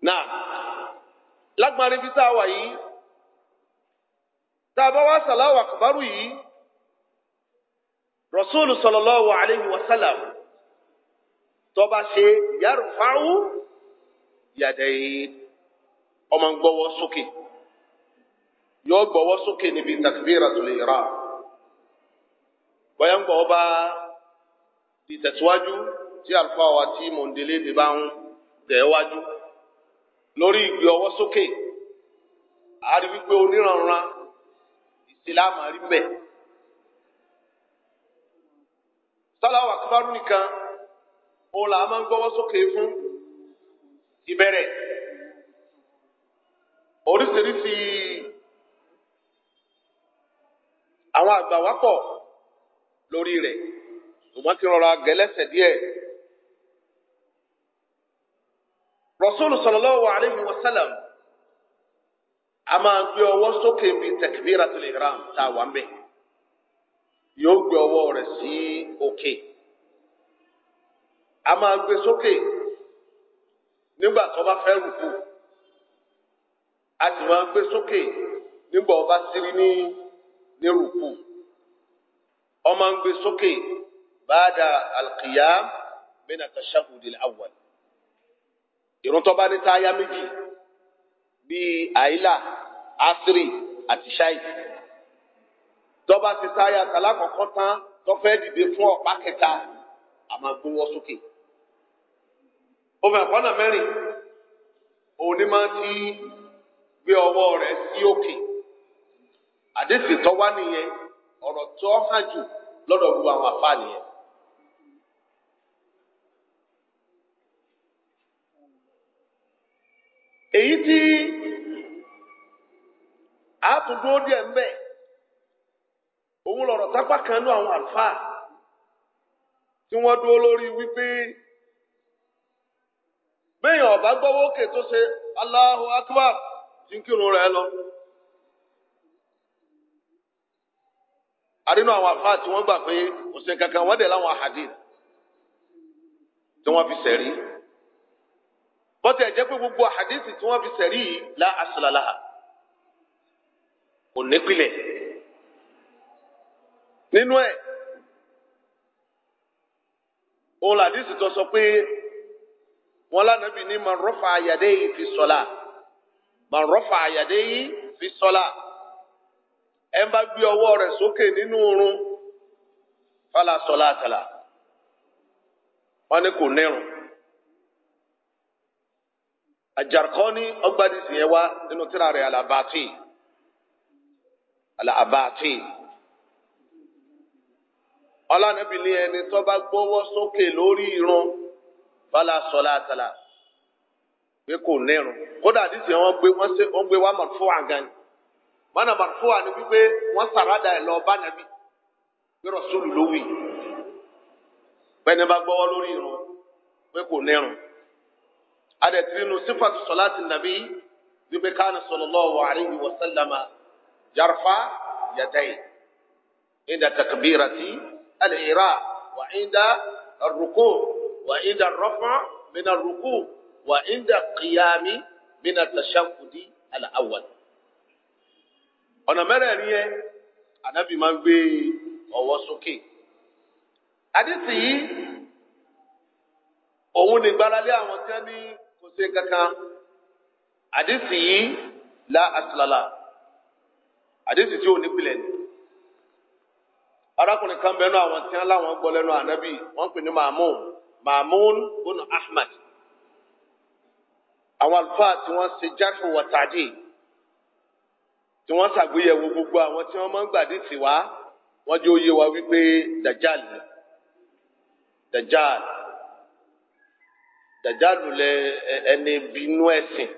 náà lágbára ibi tá a wà yìí tá a bá wá sàláwà àkùbárù yìí rasúlù sallallahu alayhi wa tọba ṣe yarfa'u yàdẹ̀yẹ ọmọ gbọ́wọ́ sókè yóò gbọ́wọ́ sókè níbi takbiratul ihram bọ́yá ń gbọ́wọ́ bá ìtẹ̀síwájú tí àlùfáà wa tí mòǹdélé ti bá ń tẹ̀ wájú. lórí ìgbé ọwọ́ sókè a rí wípé oníranran ìsìláàmù rí mbẹ. sálàwà kíbárù nìkan òun là á máa ń gbọ́wọ́ sókè fún ìbẹ̀rẹ̀ oríṣiríṣi àwọn àgbà wá pọ̀ lórí rẹ̀ ṣùgbọ́n kí n rọra gẹlẹ́sẹ̀ díẹ̀. rasulu sallallahu alayhi wa sallam a máa gbé ọwọ́ sókè bí takbiratul ihram tá a wà ń bẹ̀ yóò gbé ọwọ́ rẹ̀ sí òkè a máa gbé sókè nígbà tó bá fẹ́ rùkú a sì máa gbé sókè nígbà ọba sírí ní ní rùkú ọmọ ń gbé sókè báadà alqiyam min at-tashahhud al-awwal ìrun tó bá ní táyà méjì bíi àìlà asiri àti ṣáì tó bá ti táyà tàlákọ̀ọ́kọ́ tán tó fẹ́ dìde fún ọ̀pá kẹta àmọ́ gbowó sókè òfin àpọ́nà mẹ́rin òun ni máa ti gbé ọwọ́ rẹ̀ sí òkè àdéhùn tó wá nìyẹn ọ̀rọ̀ tó hàn jù lọ́dọ̀ gbogbo àwọn àfáà nìyẹn. èyí tí àtúndúró díẹ̀ ń bẹ òun lọ̀rọ̀ tápá kan nú àwọn àlùfáà tí wọ́n dúró lórí wípé bẹ́ẹ̀ ọ̀bá gbọ́wọ́ òkè tó ṣe Allahu Akbar ti ń kírun rẹ̀ lọ. àdínú àwọn àlùfáà tí wọ́n gbà pé kò sí kankan wọ́n dẹ̀ láwọn àhàdì tí bọ́tẹ̀ ẹ̀jẹ̀ pé gbogbo a tí wọ́n fi sẹ̀rí yìí la àṣìláláha kò nípìlẹ̀ nínú ẹ̀ òun làdìsí tó sọ pé wọn lánàbì ní man rafa àyàdé yìí fi sọlá ma rafa àyàdé yìí fi sọlá ẹ bá gbé ọwọ́ rẹ̀ sókè nínú oorun fàlà sọlá àtàlà àjàrkọ́ni ọgbàdìsì yẹn wá nínú tíra rẹ̀ alàbàtì alàbàtì ọlànàbì ní ẹni tó bá gbọ́wọ́ sókè lórí irun bala sọlá àtàlà pé kò nírun kódà àdìsì yẹn wọ́n gbé wọ́n ṣe wọ́n gbé wá màrúfù àgàn mọ́nà màrúfù àni wípé wọ́n sàrádà ẹ̀ lọ bá nàbí pé rọ̀ṣúlù ló wì bẹ́ẹ̀ bá gbọ́wọ́ lórí irun pé kò nírun. adẹ̀tìrì nù sífàtù sọ̀láàtì nàbí wípé káàní sallallahu alayhi wa sallama yarfa yadayhi inda takbirati al-ihram wa inda ar-ruku' wa inda ar-raf' min ar-ruku' wa inda qiyami min at-tashahhudi al-awwal. ọ̀nà mẹ́rẹ̀ẹ̀rin yẹn ànábì máa ń gbé ọwọ́ sókè. adé sì yí òun ní gbáralé àwọn tí wọ́n ní. ṣe kankan àdìsí yìí la àtìlálà àdìsí tí ò ní pilẹ̀ ni arákùnrin kan bẹnu àwọn tí wọn láwọn gbọ́ lẹ́nu ànábì wọn pè ní Ma'mun Ma'mun bùnú Ahmad àwọn àlùfáà tí wọn ṣe jáfù wọtàdì tí wọn ṣàgbéyẹ̀wò gbogbo àwọn tí wọn máa ń gbàdìsí wá wọn jẹ́ òye wa wípé dajal dajal dàjálù lẹ ẹni bínú ẹ̀sìn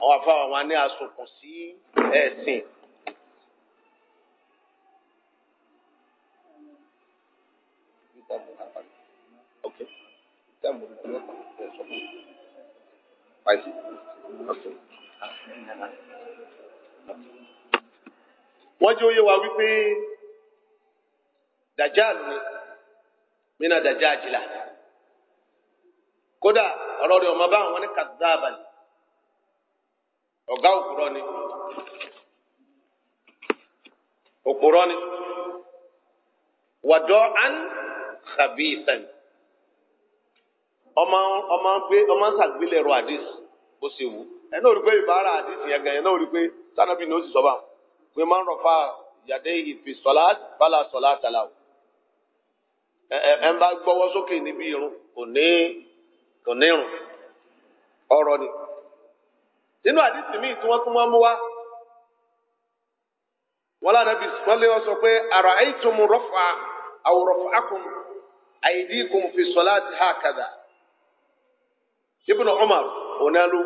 àwọn afáwọn wa ní asokùn sí ẹ̀sìn. wọ́n jẹ́ oyé wa wípé dàjálù ni mí na dàjálù jìlá kódà ọ̀rọ̀ rẹ̀ ọmọ bá wọn ní kàdáàbà ni ọ̀gá òpùrọ̀ ni òpùrọ̀ ni wàdọ́ án xàbí ìtàn ọmọ ọmọ gbé ọmọ sàgbélẹ̀rọ àdìs bó ṣe wù ẹ náà rí ìbára àdìs yẹn gan ẹ náà sanabi ni ó sì sọ bá pé máa ń rọ̀fà yàdé ìfi sọlá bala sọlá tàlà ẹ ẹ ń bá gbọ́wọ́ sókè níbi irun kò ní. kò nírun ọ̀rọ̀ ni nínú àdìsí míì tí wọ́n tún máa ń mú wá wọn lánàbí wọn lé wọn sọ pé àrà àìtún mu rọfà àwòrọfà akùn àìdíkùn fi sọlá ti hà kàdà Ibn Umar ọ̀nà ló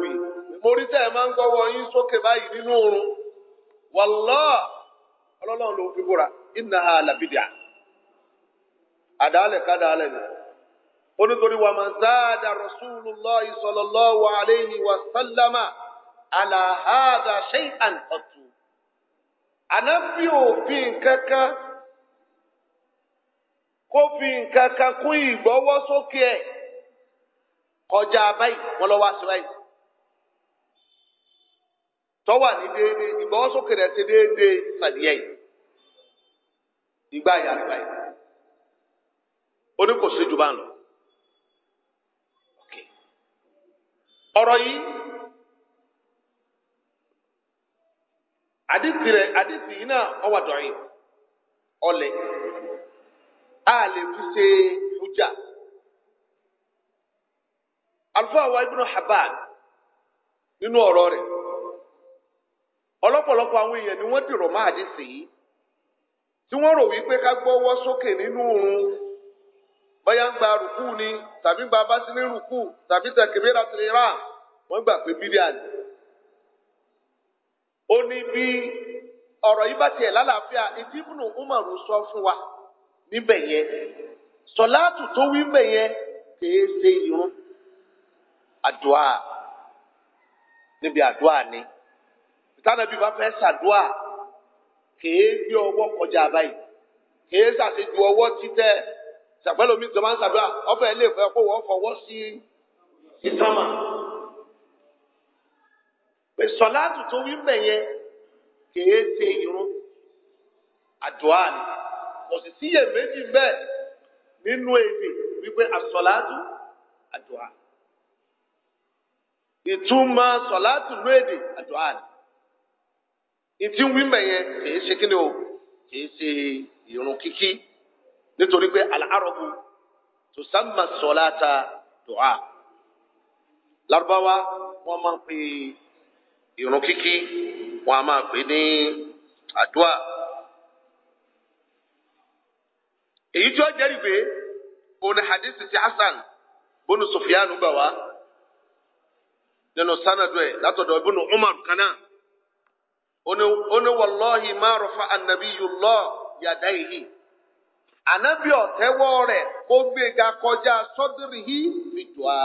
mórí ẹ máa ń yín sókè báyìí nínú oorun ló fi búra onítorí wa man zada rasulullah sallallahu alayhi wa sallama ala hadha shay'an qattu ànábì òfin kankan kó fi nǹkan kan kún ìgbọ́wọ́ sókè ẹ̀ kọjá báyìí wọn lọ́wọ́ àti báyìí tọ́wà ní déédéé ìgbọ́wọ́ sókè rẹ̀ ti déédéé sàdíẹ̀ yìí ìgbà ìyá báyìí oníkòsí jù bá ń lọ. ọrọ yìí àdìsí rẹ̀ àdìsí yìí náà ọwà dọ̀yìn ọ̀lẹ̀ a lè fi ṣe fújà àlùfáà wa ibùdó habad nínú ọrọ rẹ̀ ọlọ́pọ̀lọpọ̀ àwọn èèyàn ni wọ́n dìrọ̀ máa àdìsí yìí tí wọ́n rò wípé ká gbọ́wọ́ sókè nínú oorun. bóyá ń gba rùkú ni tàbí gba bá sí ní rùkú tàbí tẹkẹmíra tìrì rà wọn gbà pé bídíà ni. ó ní bí ọ̀rọ̀ yìí bá tiẹ̀ lálàáfíà ìdí ìbùnú umaru sọ fún wa níbẹ̀ yẹn sọláàtù tó wí bẹ̀ yẹn kìí ṣe irun àdúà níbi àdúà ni ìtànàbí bá fẹ́ ṣàdúà kìí gbé ọwọ́ kọjá báyìí kìí ṣàṣejù ọwọ́ títẹ̀ ṣàpẹ́lẹ̀ omi ìjọba ń ṣàdúrà ọbẹ̀ ilé ìfẹ́ kó wọ́n fọwọ́ sí ìtàmà. pé sọ̀láàtù tó wí bẹ̀ yẹn kèé ṣe irun àdúrà ni kò sì síyè méjì bẹ́ẹ̀ nínú èdè wípé àsọ̀láàtù àdúrà. ìtumọ̀ sọ̀láàtù ló èdè àdúrà ni. ìtí wí bẹ̀ yẹn kèé ṣe kíni o kèé ṣe irun kíkí nítorí pé alárọ̀bù tùsánmà sọ̀láta dùá lárúbáwá wọ́n máa ń pè irun kíkí wọ́n á máa pè ní àdúà. èyí tí wọ́n jẹ́rìí pé òun ni hadithi ti hasan bónú sufyanu gbà wá nínú sanadu ẹ̀ látọ̀dọ̀ ibùnú umar kanna ó ní wàlọ́hì má rọ̀fà yàdá yìí ànábì ọ̀tẹ́wọ́ rẹ̀ ó gbéga kọjá sọ́dúnrì hí fi dùn á.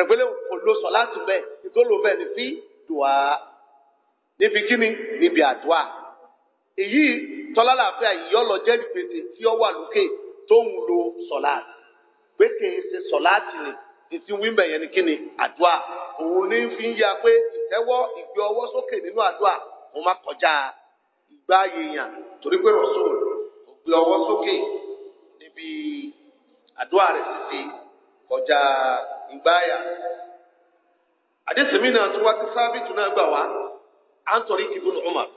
ẹgbẹ́lẹ́ kò lo sọ láti bẹ́ẹ̀ ìtòló bẹ́ẹ̀ ni fi dùn á. níbi kíni níbi àdúrà. èyí tọ́lá làáfíà yìí ọ̀lọ́ jẹ́ ìpèsè tí ó wà lókè tó ń lo sọ̀láàtì. pé kèé ṣe sọ̀láàtì ni ìsìn wíńbẹ̀ yẹn ni kíni àdúrà. òun ní fi ń ya pé ìtẹ́wọ́ ìgbé ọwọ́ sókè nínú àdúrà mo má kọjá ìgbà yìnyín torí pé rọ̀ṣùn gbé ọwọ́ sókè níbi àdúrà rẹ̀ títí ọjà ìgbáyà. Àdéhùn náà tún wá sí sábìtì náà gbà wá. Anthony Ibn Umar.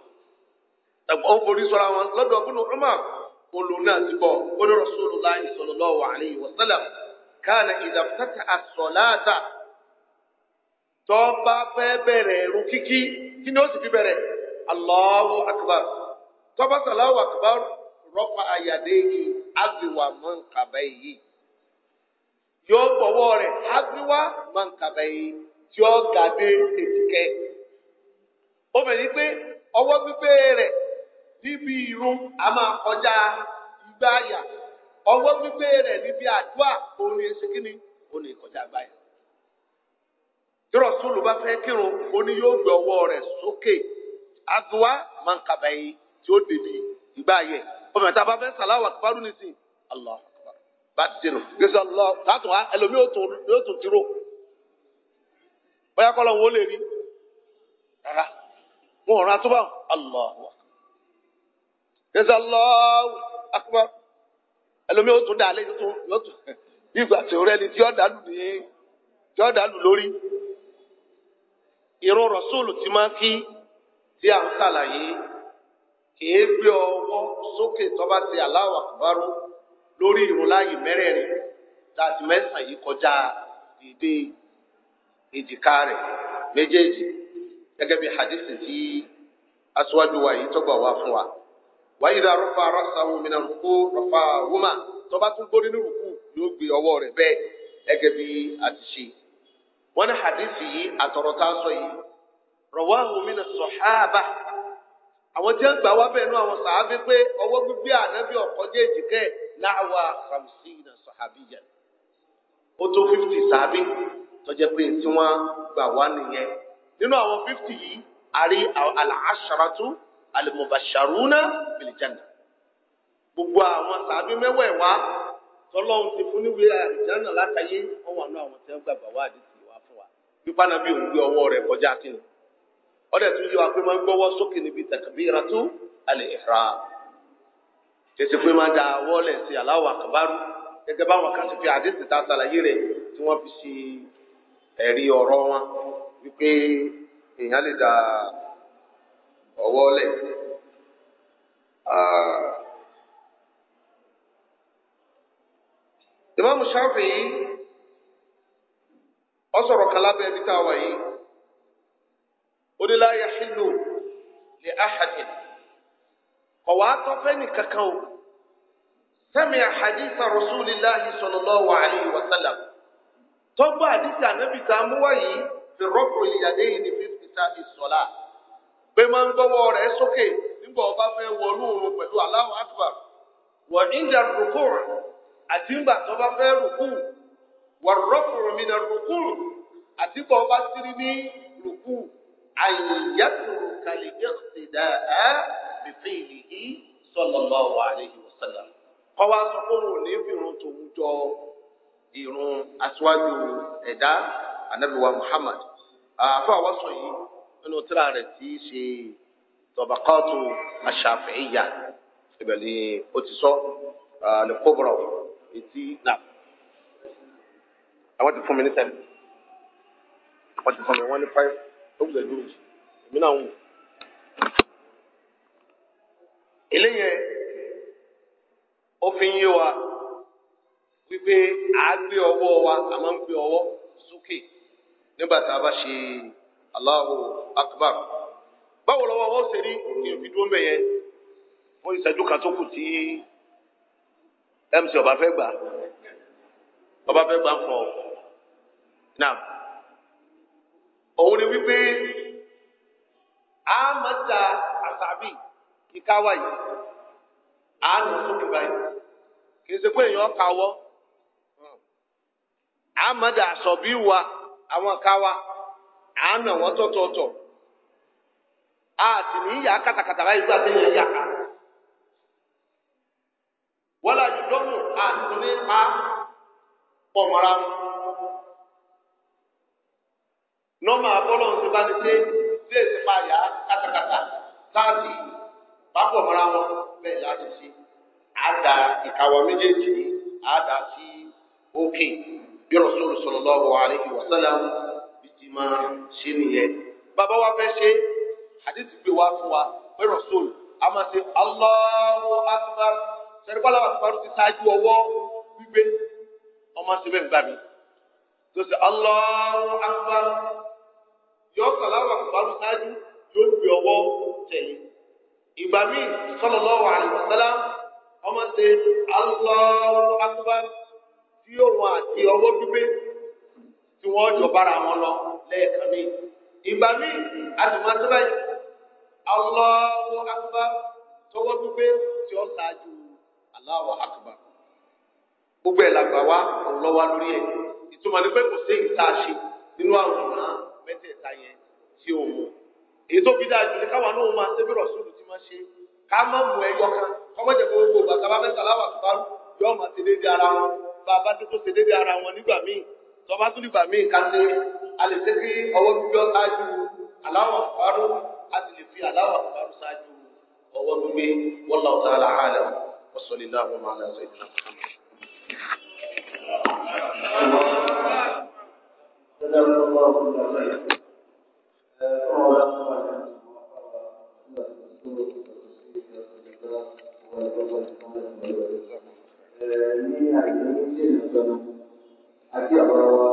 Tàbí ọ̀n forí sọ́ra wọn lọ́dọ̀ Ibn Umar. Olù náà ti bọ̀. Ó ní Tọ́ba fẹ́ bẹ̀rẹ̀ ẹ̀rù kíkí. Kí ni rọ́pà àyàdéyì ágbéwà mọ́nkàbẹ́yì yóò bọ̀wọ́ rẹ̀ ágbéwà mọ́nkàbẹ́yì tí ó ga dé ó bẹ̀rẹ̀ pé ọwọ́ gbígbé rẹ̀ níbi irun a máa kọjá igbá àyà ọwọ́ gbígbé rẹ̀ níbi àdúrà òun ni òun ni ìkọjá àgbáyà bá fẹ́ kírun ó ní yóò gbé ọwọ́ rẹ̀ sókè tí ó dèbí ọmọ ìta bá fẹ́ sàláwà kúfárù nìsín allah bá ti tẹnu gbèsè allah tààtù wa ẹlòmí yóò tún tiro bóyá kọlọ wo lè rí rárá wọn ò rán allah gbèsè allah akpọ ẹlòmí yóò tún yóò tún yóò tún tí tí dàlù ní tí dàlù lórí èé gbé ọwọ́ sókè tọ́ba ti Allahu Akbar lórí ìrun mere mẹ́rẹ̀ẹ̀rin láti mẹ́sàn kọjá dìde èjìká rẹ̀ méjèèjì gẹ́gẹ́ bí hadisi tí aṣíwájú wa yìí tọ́gbà wá fún wa. wáyé dá rọ́fà rọ́sàwọ́ mi náà rúkú rọ́fà wúmà tọ́ba tún gbórí ní rúkú yóò gbé ọwọ́ rẹ̀ bẹ́ẹ̀ gẹ́gẹ́ bí a ti ṣe. wọ́n ní yìí àwọn tí wọ́n gbà wá bẹ́ẹ̀ nú àwọn sàábí pé ọwọ́ gbígbé ànábì ọ̀kọ́jẹ́ èjìkẹ́ láwa kàmsí na sàábí yẹ o tó fífítì sàábí tọ́jẹ́ pé tí wọ́n gbà wá nìyẹn nínú àwọn fífítì yìí a rí bìlìjánà gbogbo àwọn sàábí ti fún níwèé àlùjánà látàyé wà nú àwọn tí gbà àdìsí wa fún wa kọjá kí ni. ọdẹ tún yọ àpé máa ń gbọ́wọ́ sókè níbi takbiratu al-ihram tètè pé máa da wọlé sí Allahu akbar gẹ́gẹ́ báwọn kan ti fi àdéhùn ta ṣàlàyé rẹ̀ tí wọ́n fi ṣe ẹ̀rí ọ̀rọ̀ wọn wípé èèyàn lè da ọwọ́ lẹ̀ Imam Shafi'i ó sọ̀rọ̀ kan lábẹ́ ibi tá a wà yìí ó ní láyé hílù lè áhàdì ọ̀wá tọ́fẹ́ nìkankan o sẹ́mi àhàdìsà rasulillahi sallallahu alayhi wa sallam tọ́gbà àdìsà ànábì tá a mú wáyé fi rọ́pò ìyàdé yìí ní fífi ta ìsọ̀lá pé máa ń gbọ́wọ́ rẹ̀ sókè nígbà ọba fẹ́ wọnú òun pẹ̀lú Allahu akbar wà ìjà rúkú àti ńgbà tó bá fẹ́ rúkú wà rọ́pò mìíràn rúkú àti àyẹ̀tùrùkà lè yẹ ìdá ẹ́ bìfẹ́ ìlìhí sallallahu alaihi wasallam. kọ́wá sọ pé òun ò ní fi irun tòun jọ irun aṣáájú ẹ̀dá anabiwa Muhammad àfọ àwọn sọ yìí nínú tíra rẹ̀ tí í ṣe tọ̀bàkọ́tù aṣàfihàn ibẹ̀ ni ó ti sọ lẹ́kọ́bọ̀rọ̀ etí náà àwọn ti fún mi ní sẹ́ni wọ́n ti fún mi wọ́n ní five ó gbẹ dúró èmi náà ń wò. eléyẹ ó fi ń yé wa wípé à á gbé ọwọ́ wa a máa ń gbé ọwọ́ sókè nígbà tá a bá ṣe Allahu Akbar báwo lọ́wọ́ wọ́n ṣe rí èèyàn fi dúró mẹ́yẹn wọ́n ìṣẹ́jú kan tó kù tí MC ọba fẹ́ gbà ọba fẹ́ gbà ń fọ náà. òun ni wípé a máa da àsàbì a nà sókè báyìí kì í pé èèyàn a máa da àsọ̀bí wa àwọn káwá a nà wọ́n tọ̀tọ̀ọ̀tọ̀ a sì ní ìyá kàtàkàtà báyìí gbà tẹ́yìn ìyá ká wọ́n lájú lọ́nà àti ní pa pọ̀ mọ́ra nọ́mà bọ́lọ̀ ń sọ́lá ní pé ilé ìsìnká yà á kátàkátà láti pápọ̀ mọ́ra wọn bẹ́ẹ̀ láti ṣe àdá ìkàwọ́ méjèèjì àdá sí òkè bí Rasulullah sallallahu alaihi wasallam bìtì máa ṣe nìyẹn. bàbá wa fẹ́ ṣe àdìsí gbé wá fún wa pé Rasul a máa ṣe Allahu akbar sẹ́ríkọ́lá àkùbárù ti ṣáájú ọwọ́ gbígbé ọmọ ṣe bẹ́ẹ̀ gbà mí tó ṣe Allahu akbar. yọ sàlámù àkùbárù ṣáájú yóò ọwọ́ tẹ̀lé ìgbà míì ọmọ ṣe tí òun àti ọwọ́ gbígbé tí wọ́n jọ bára wọn lọ lẹ́ẹ̀kan ní ìgbà míì àtùmọ̀tẹ́lá yìí Allahu tọwọ́ gbígbé tí ó ṣáájú Allahu akbar gbogbo ẹ̀ làgbà wá ọ̀rọ̀ lórí pé mẹ́tẹ̀ẹ̀ta yẹn tí ó wù. èyí tó fi dáa jù ní káwa náà máa ṣe bí rọ̀ṣúlù ti máa ṣe ká má mú ẹyọ kan kọ́mọ́jẹ̀ pé gbogbo ìgbà tábà mẹ́ta láwà tó bá rú yọ ọmọ ṣe déédéé ara wọn bá a bá ti tó ṣe déédéé ara wọn nígbà míì tó bá tún nígbà míì ká ṣe a lè ṣe kí ọwọ́ gbígbé ọ ṣáájú aláwọ̀ àpárò a sì lè fi aláwọ̀ àpárò ṣáájú ọwọ́ gbígbé wallahu ta'ala a'lam جزاك الله خيرا ní àìní ní ìlú àti àwọn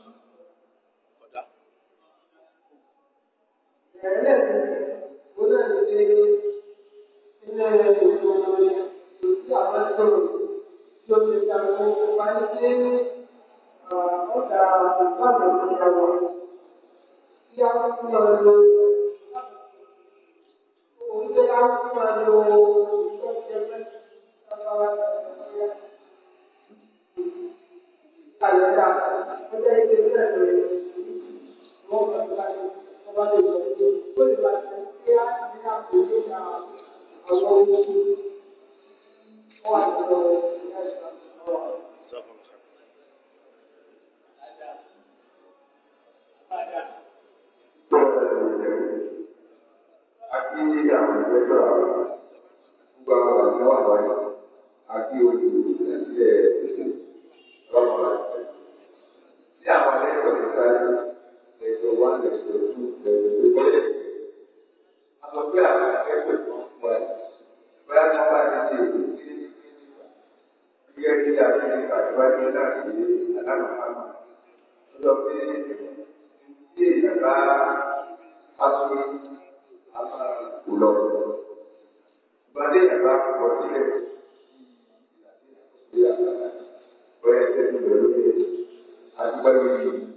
Thank you.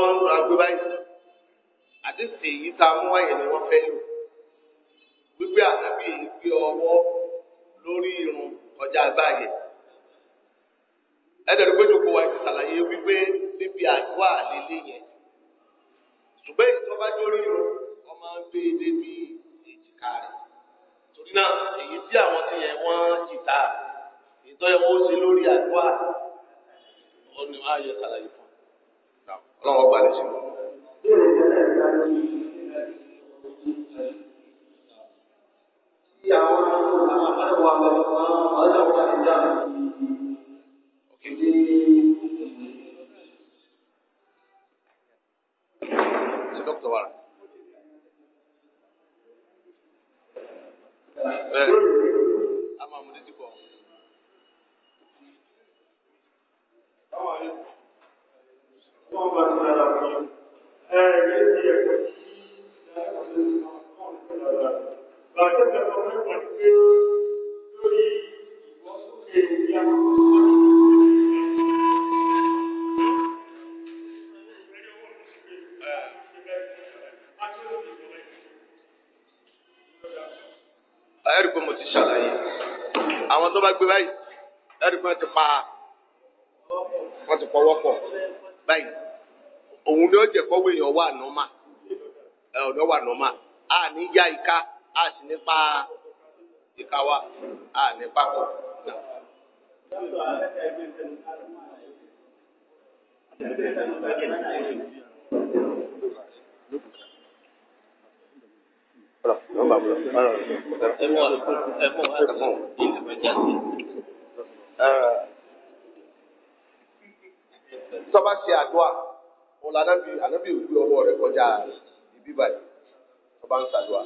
wọn máa ń rúra gbé báyìí àdìsí èyí tá a mú wáyé ni wọ́n fẹ́ lò gbígbé ànábì èyí gbé ọwọ́ lórí irun kọjá báyìí ẹ̀dẹ̀ ló gbẹ́jọ́ kó wa ti ṣàlàyé wípé níbi àdúrà lélẹ̀ yẹn ṣùgbọ́n ìtọ́ba lórí irun wọ́n máa ń gbé e débi èjìká rẹ̀ torí náà èyí tí àwọn ti yẹn wọ́n jìtá ìtọ́yẹ̀wò ó ṣe lórí àdúrà ó ní wọ́n á yẹ ṣàlàyé ọlọ́wọ́ gbà lẹ́sìn. Thank you. wọ́n bá ti dára wọn yóò ẹ̀rẹ́ ti ẹ̀kọ́ tí Bàtí ìjọba mẹ́wàá ti pé lórí ìgbọ́sókè ìyá ẹ̀rù pé mo ti ṣàlàyé àwọn tó bá gbé báyìí ẹ̀rù pé wọ́n ti pa wọ́n ti báyìí. òun ni ó jẹ́ kọ́wé èèyàn wà nọ́mà ọ̀dọ́ wà nọ́mà a ní yá ìka a sì nípa ìka wa a nípa kọ̀. Tọ́ba ṣe àdúrà. ọlọ anabi anabi ògbé ọwọ́ rẹ̀ kọjá ibi báyìí tó bá ń ṣàdúrà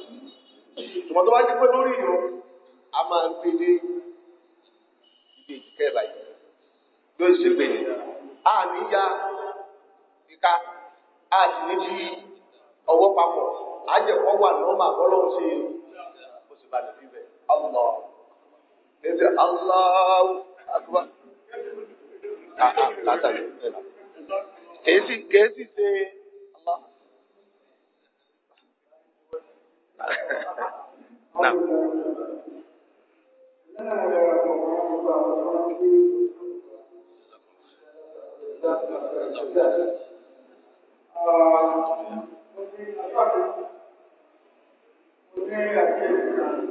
tòmọ tó bá jẹ pé lórí a máa ń gbé dé ibi ìjìká báyìí ló ń ṣe ya ìka a sì ọwọ́ papọ̀ a jẹ kọ wà nọmà bọlọhùn sí o sì bá lè fi bẹ ọlọ ẹsẹ aláwọ kèésì kèésì ṣe na. Thank you.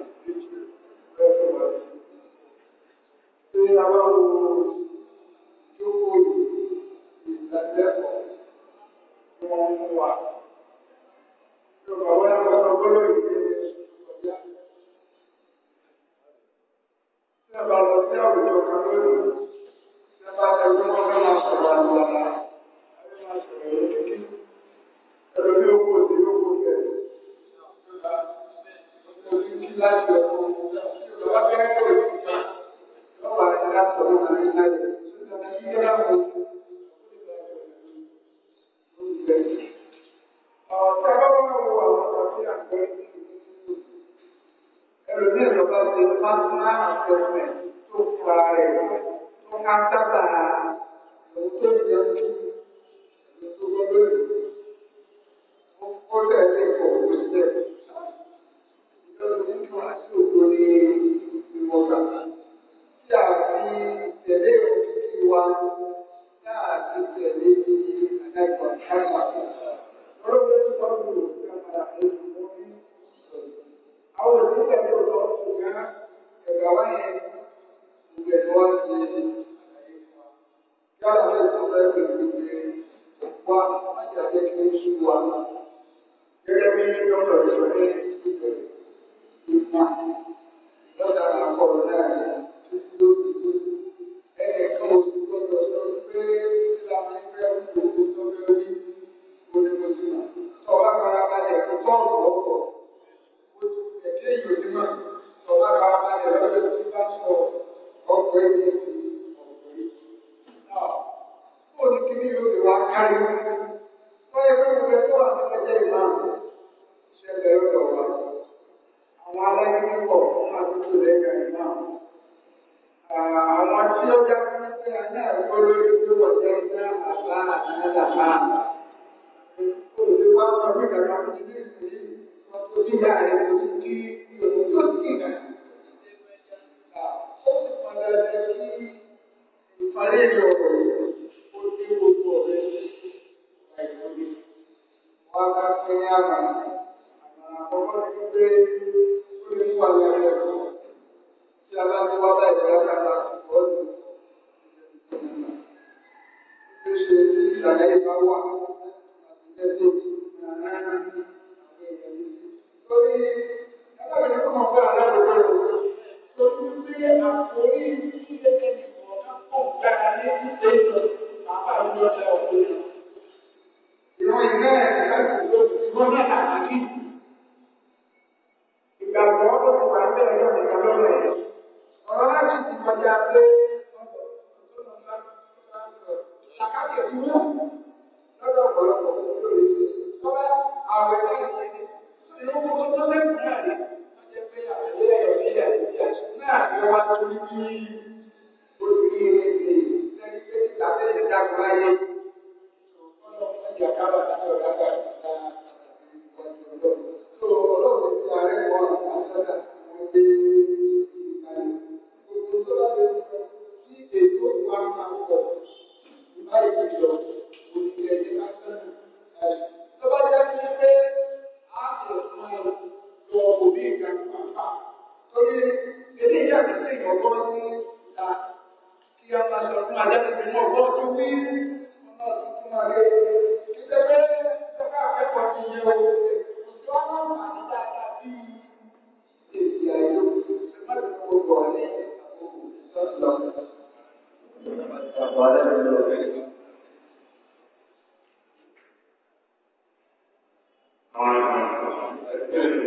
yálà bẹ́ẹ̀ tó fẹ́ pè é pé wá májà jẹ́ kí ó sú wa. Gẹ́gẹ́ bí dókítà rẹ̀ sọ ní ìpè ìpò lọ́dà àkọọ̀rọ̀ náà títí tó fi kú. Ẹnì kan ò sì gbọdọ̀ sọ pé ìlànà ìfẹ́ gbogbo tó fẹ́ rí onímọ̀síwọ̀n. Tọ́lá farabalẹ̀ kó tọ́ọ̀nù ọkọ̀. Ó ti kẹ̀kẹ́ ìyòdì náà. Tọ́lá farabalẹ̀ lọ́dọ̀ tí bá sọ ọkọ̀ èyí ti kó ní kíní yóò ti wá kárí wọ́n yẹ kó gbogbo ẹgbẹ́ wà nínú ẹgbẹ́ ìmáàmù ṣẹlẹ̀ ọ̀dọ̀ wa àwọn aláìní pọ̀ máa ti tó lẹ́yìn ìmáàmù àwọn tí ó já sí pé a náà gbọ́ lórí pé wọ́n jẹ́ iná àbá àdàbà olùdíwá sọ pé kàkà fún ilé ìsìn wọn tó dígbà rẹ̀ kò sí kí òun tó sì kà ó sì padà jẹ́ kí ìparí ìrọ̀rùn ní gbogbo Thank you.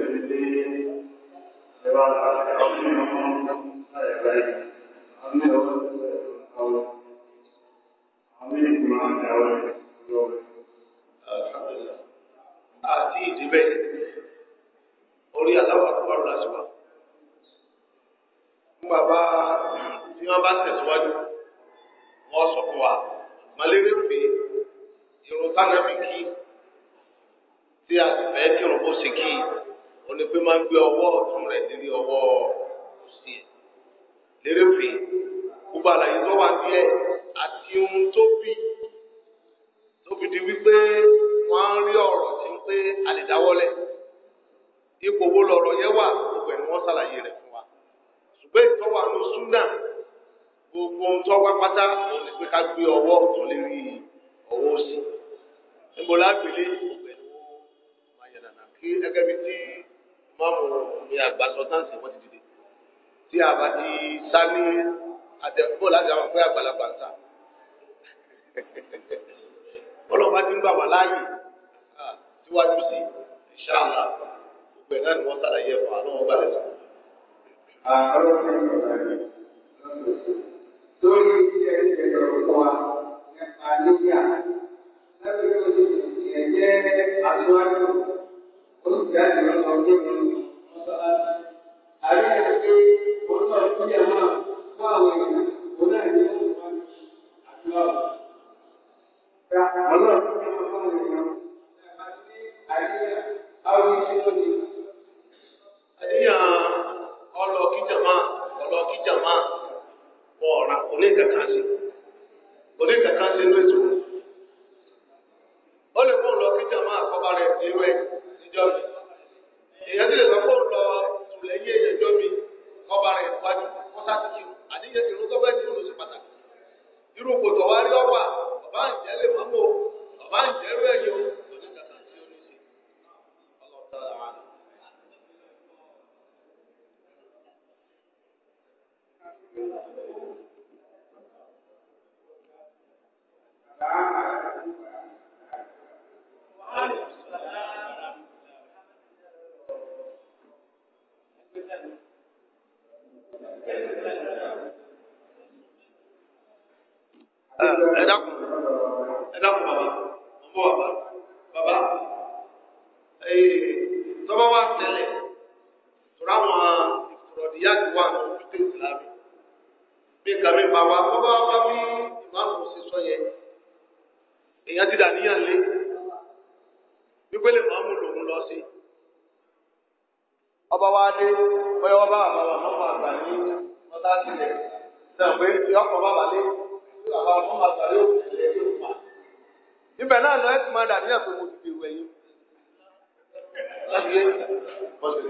Thank you. tọ́ba wà tẹ́lẹ̀ tọ́ra wọn ìfọ̀rọ̀dìyà ti wà ní ojútùú ìsìlámù bí nǹkan mi máa wá ọba ọba bí ìmáàmù ṣe sọ yẹn èèyàn ti dà níyàn lé wípé lè máa mú lòun lọ sí ọba wa dé bóyá ọba àbàbà mọ́mọ́ àgbà ní ọ̀tá sílẹ̀ náà pé ọkọ̀ bàbà lé àbàbà mọ́mọ́ àgbà yóò tẹ̀lé yóò pa. ibẹ̀ náà lọ ẹ́ ti máa dà níyàn pé mo ti dèrò Nọ́pìlà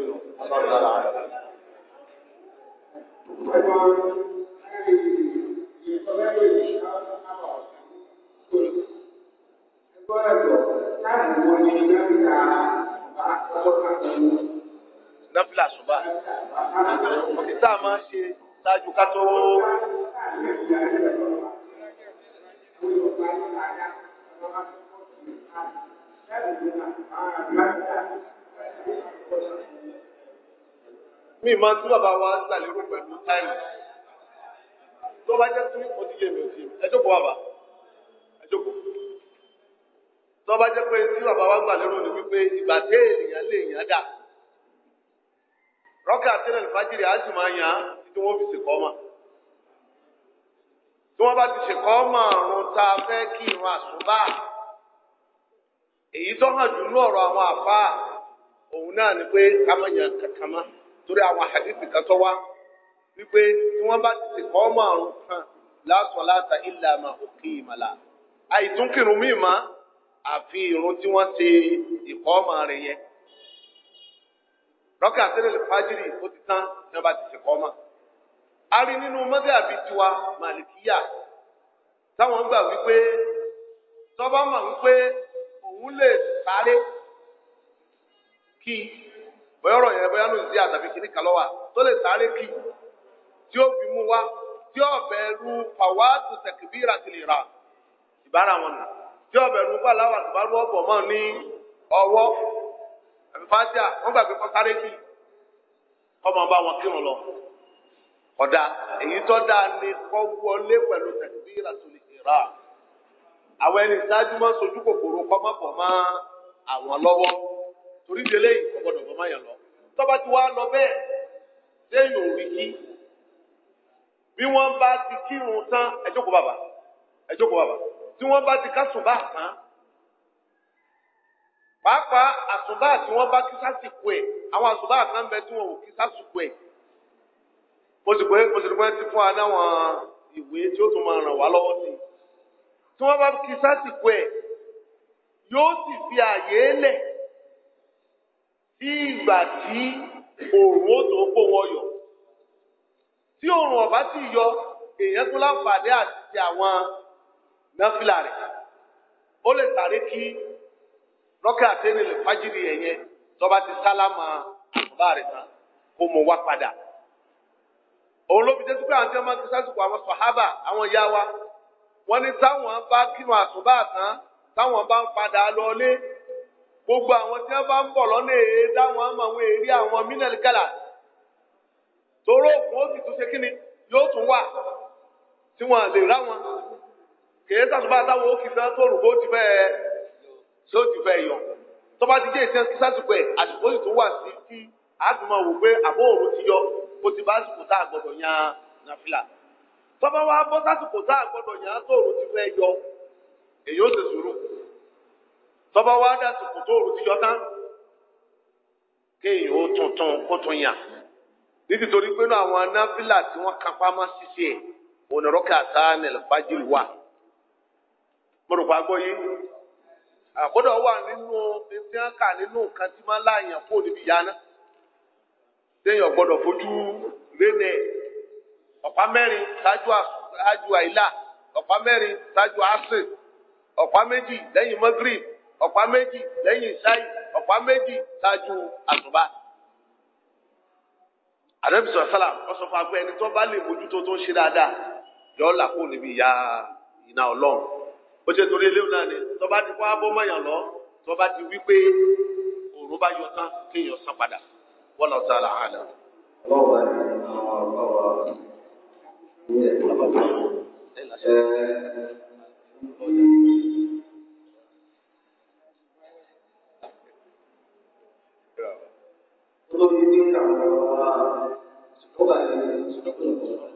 ṣùgbà. Òkè tá a máa ṣe ṣáájú ká tó. Thank you. mi máa tí bàbá wa ń sàlérò pẹ̀lú táìmù tó bá jẹ́ pé mo ti yé mi ò sí bàbá pé tí bàbá wa gbà lérò wípé ìgbà dé ènìyàn lè yàn dà rọ́kà tẹ́lẹ̀ fàjìrì á sì máa yàn án tí wọ́n fi ṣèkọ́ mà tí wọ́n bá ti ṣèkọ́ mà ọ̀run tá a fẹ́ òun náà ni pé kámẹ́yàn kankan mọ́ torí àwọn àdìsí kan tó wá wípé tí wọ́n bá ti sì kọ́ ọmọ àrùn kan lásán láta ilà máa ò kí ìmàlà àìtúnkìrún míì má àfi irun tí wọ́n ṣe ìkọ́ ọmọ rẹ̀ yẹn rọ́kà sílẹ̀ lè fájìrì ó ti tán tí wọ́n bá ti sì kọ́ ọmọ. a rí nínú mọ́gàbí tiwa màlìkíyà táwọn gbà wípé tọ́ba mọ̀ wípé òun lè sáré kí bóyá ọ̀rọ̀ yẹn bóyá lóun sí àtàbí kíní kan lọ́wọ́ tó lè sáré kí tí ó fi mú wá tí ó bẹ̀rù fàwáàtù tẹ̀kìbíra ti lè ra ìbára wọn nù tí ó bẹ̀rù bàláwà tìbárú ọ̀bọ̀ mọ́ ní ọwọ́ àbífájà wọ́n gbàgbé kọ́ sáré kí kọ́mọ bá wọn kírun lọ ọ̀dà èyí tó dáa ni kọ́ wọlé pẹ̀lú tẹ̀kìbíra ti lè ra àwọn ẹni ìṣáájú máa sojú kòkòrò kọ́ mọ́ pọ̀ torí délé yìí kò gbọdọ̀ bọ́ máyà lọ tọ́ba ti wá lọ bẹ́ẹ̀ déyìn òrí kí bí wọ́n bá ti kírun tán ẹ jókòó bàbá ẹ jókòó bàbá tí wọ́n bá ti kásùnbà tán pàápàá àsùnbà tí wọ́n bá kí sásìkò ẹ̀ àwọn àsùnbà kan bẹ tí wọ́n ò kí sásìkò ẹ̀ mo sì pé mo ti fún wa náwọn ìwé tí ó tún máa ràn wá lọ́wọ́ sí i tí wọ́n bá kí sásìkò ẹ̀ yóò sì fi àyè lẹ̀ bí ìgbà tí òòrùn ó tó kó wọn yọ tí òòrùn ọ̀bá ti yọ èèyàn tó láǹfààní àti ti àwọn náfìlà rẹ̀ ó lè sáré kí lọ́kẹ́ àtẹ́ni lè fájìrì ẹ̀yẹn tọ́ba ti sálámà àbá rẹ̀ tán kó mọ wá padà òun ló fi jẹ́ sípé àti ọmọ kìsásìkò àwọn sọ̀hábà àwọn ìyá wa wọ́n ní táwọn bá kírun àsùbá tán táwọn bá ń padà lọ lé gbogbo àwọn tí wọ́n bá ń bọ̀ lọ́nà èé dáwọn àmọ́ àwọn èrí àwọn mineral kala toró òkun ó sì tún ṣe kíni yóò tún wà tí wọ́n lè ráwọn kèé sàtúbà táwọn ó tó rò bó ti fẹ́ ti fẹ́ yọ tó bá ti dé ìṣe sì tún wà kó ti fẹ́ tọ́ba wá dà sùkù tó òrùn ti yọ tán kéèyàn ó tuntun ó tún yàn nítorí pé náà àwọn anáfílà tí wọ́n kápá má ṣiṣẹ́ ẹ̀ onírọ́kà sáánẹ̀lì fájìlì wà mo rò pa gbọ́ yé àkọ́dọ̀ wà nínú etí àkà nínú nǹkan tí máa ń láàyàn kó níbi yaná téèyàn gbọ́dọ̀ fojú rénẹ̀ ọ̀pá mẹ́rin ṣáájú àìlà ọ̀pá mẹ́rin ṣáájú àṣẹ ọ̀pá méjì lẹ́yìn mọ́gírì ọ̀pá méjì lẹ́yìn ṣáì ọ̀pá méjì ṣáájú àsùbá. Ànábì sallallahu alaihi wasallam ó sọ fún agbẹ́ ẹni tó bá lè mójútó tó ń ṣe dáadáa yọ ọ́ níbi ìyá iná ọlọ́run. Ó ṣe torí eléwu náà ni tó bá ti kó abọ́ mọ̀yàn lọ tó bá ti wí pé òòrùn bá yọ tán kéèyàn san padà wọ́n lọ sára àná. Ọlọ́run bá ní àwọn àbá wa ní ẹ̀kọ́ lórí ní àwọn ọ̀rọ̀ wa ó bá lè sọ́kùn ọ̀rọ̀ náà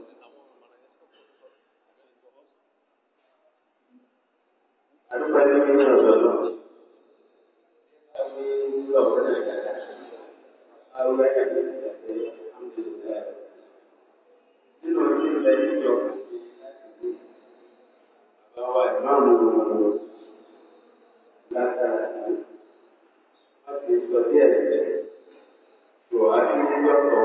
Eu acho que a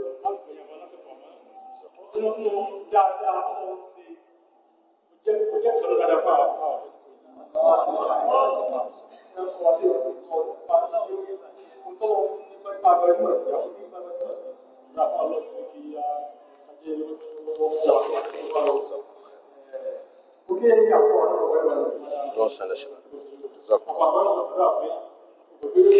nínú nínú dáadáa tó ń ṣe kò jẹ́ kò jẹ́ kàlọ́ dáadáa fún àwọn ọmọ rẹ̀. Ẹ sọ wá sí ọ̀rọ̀ ìtọ́ nípa ṣíṣe ohun tó wọ́n ní pẹ́ máa bẹ̀rẹ̀ mọ̀ ìyá fún ní pẹ́ mẹ́tọ́ ìgbà fún ọlọ́ sí kí a ṣe lọ́wọ́ ìjà wà lọ́wọ́. Mo kí ẹni àpò ọ̀rọ̀ ọ̀rẹ́ rẹ̀ lọ ṣẹlẹ̀ ṣe. Ọ̀pọ̀ àwọn ọ̀rọ̀ àpẹ́ òbí rẹ̀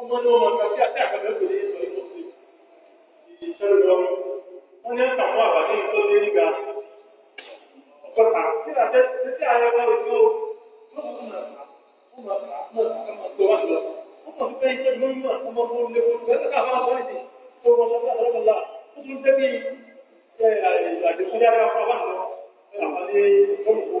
ọmọ ní ọmọ kan sí àti àkàbẹ́ kò ní sọ inú sí ìṣẹ́ lọ wọ́n ní ẹ̀ka fún àbàdé tó lé nígbà ọ̀pọ̀ta tí àti títí ààrẹ bá lè tó lọ́wọ́ náà wọ́n máa fà á mọ̀ àkàmọ̀ tó wá lọ wọ́n mọ̀ pé iṣẹ́ ló ń mọ̀ ọmọ tó lé wọn lẹ́sẹ̀ ká bá wọ́n ìdí tó wọ́n sọ fún àlọ́ lọ́la ó tún jẹ́ bí àdìsọ́jà bá fà wà lọ àbàdé ìjọ́mọ̀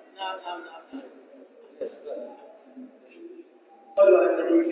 صلى النبي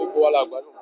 gbogbo wa la gbádùn.